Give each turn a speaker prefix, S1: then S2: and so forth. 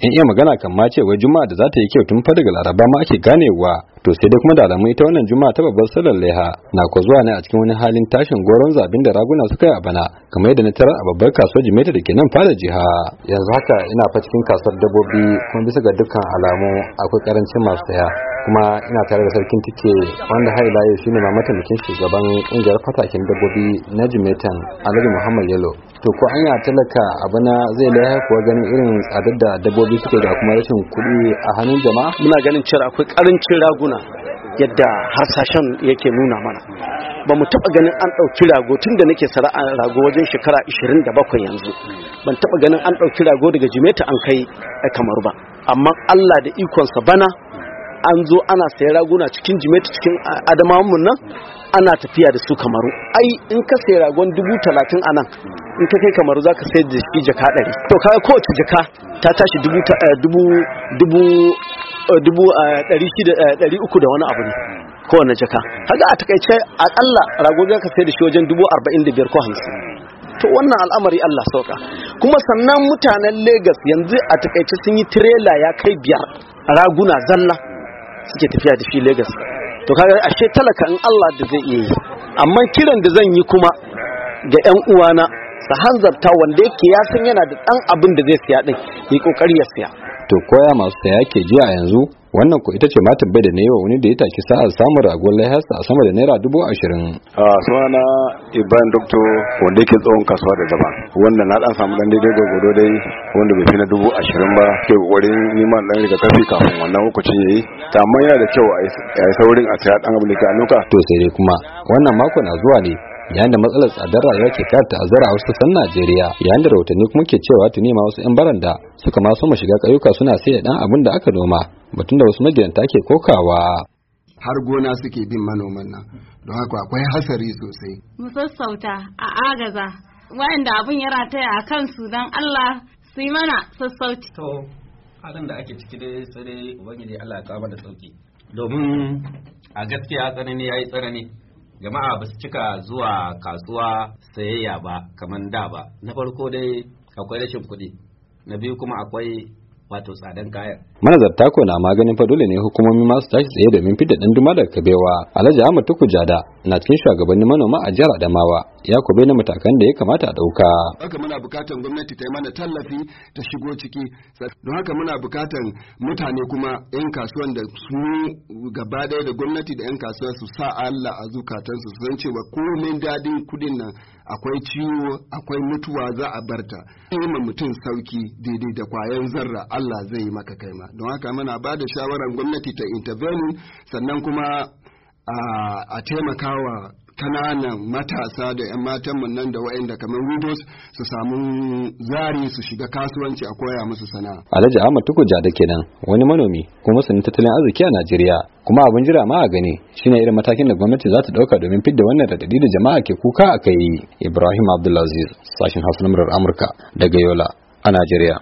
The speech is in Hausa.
S1: in iya magana kan ma ce wai juma'a da za ta yi kyau tun fa daga laraba ma ake ganewa to sai dai kuma da alamu ita wannan juma'a ta babbar sallar laiha na ko zuwa ne a cikin wani halin tashin goron zabin da raguna suka yi a bana kamar yadda na tarar a babbar kasuwar jimaita da ke nan fara jiha yanzu haka ina fa cikin kasuwar dabbobi kuma bisa ga dukkan alamu akwai karancin masu saya kuma ina tare da sarkin tike wanda har ila yau shine ma mataimakin shugaban kungiyar fatakin dabbobi na jimaitan alhaji muhammad yalo to ko anya talaka bana zai laiha kuwa ganin irin tsadar da dabbobi
S2: suke da kuma rashin kuɗi a hannun jama'a muna ganin cewa akwai karancin raguna yadda harsashen yake nuna mana ba mu taɓa ganin an ɗauki rago tun da nake sara'a rago wajen shekara 27 yanzu ban taba ganin an ɗauki rago daga jimeta an kai a kamar ba amma allah da ikonsa bana an zo ana sayi raguna cikin jimeta cikin adamawanmu nan ana tafiya da su kamaru ai in ka sayi ragon dubu talatin a nan in ka kai kamaru za ka sayar da shi jaka ɗari to kaga kowace jaka ta tashi dubu eh, Eh, dubu eh, eh, da wani abu ne kowane jaka haka a takaice akalla rago ka sai da shi wajen dubu ko hamsin to wannan al'amari Allah sauka kuma sannan mutanen Legas yanzu a takaice sun yi tirela ya kai biyar raguna zalla suke tafiya da shi Legas to kaga ashe talaka in Allah da zai iya yi amma kiran da zan yi kuma ga 'yan uwana su hanzarta wanda yake ya san yana da ɗan abin da zai siya ɗin yi ƙoƙari ya siya
S1: to koya masu saya ke ji a yanzu wannan ko ita ce ma tabbai da na wa wani da ya taki sa'ar samun ragon laihasta a sama da naira dubu ashirin. a na ibrahim dokto wanda
S3: yake tsohon kasuwa da daban wanda na dan samu dan daidai da godo dai wanda bai fi na dubu ashirin ba ke kokarin neman dan riga kafi kafin wannan lokacin yi. ta amma yana da kyau a yi saurin a
S1: saya dan abin da ke a to sai dai kuma wannan mako na zuwa ne yayin da matsalar tsadar rayuwa ke kara ta'azzara a wasu sassan Najeriya yayin da rahotanni kuma ke cewa tuni ma wasu 'yan baranda suka ma mu shiga ƙauyuka suna sai dan abin da aka noma batun da wasu magidanta ke kokawa
S3: har gona suke bin manoman nan don haka akwai hasari sosai
S2: mu sassauta a agaza wa'anda abun ya rataya a kansu don Allah su yi mana sassauci to halin da ake ciki dai sai dai ubangiji Allah ya kawo da sauki domin a gaskiya tsanani yayi tsanani jama'a ba su cika zuwa kasuwa sayayya ba kamar da ba na farko dai akwai rashin kuɗi na biyu kuma akwai wato tsadan kayan.
S1: Manazarta ko na maganin fa dole ne hukumomi masu tashi tsaye domin fidda dan duma daga kabewa. Alhaji Ahmad Tuku na cikin shugabannin manoma a jihar Adamawa ya kube na matakan da ya kamata a ɗauka.
S3: Haka muna bukatar gwamnati ta yi mana tallafi ta shigo ciki don haka muna bukatar mutane kuma 'yan kasuwan da su gaba ɗaya da gwamnati da 'yan kasuwa su sa Allah a zukatansu su san cewa komai dadin kudin nan akwai ciwo akwai mutuwa za a barta. Yi mutum sauki daidai da kwayan zarra Allah zai yi maka kaima don haka muna ba da shawarar gwamnati ta intervene sannan kuma a taimakawa kananan matasa da 'yan matanmu nan da wayanda kamar windows su samu zari su shiga kasuwanci a koya musu sana'a. Alhaji
S1: Ahmad Tukuja da kenan wani manomi kuma sanin tattalin arziki a Najeriya kuma abin jira ma a gani shine irin matakin da gwamnati za ta dauka domin fidda wannan radadi da jama'a ke kuka a kai. Ibrahim Abdulaziz Sashen Hausa na Amurka daga Yola a Najeriya.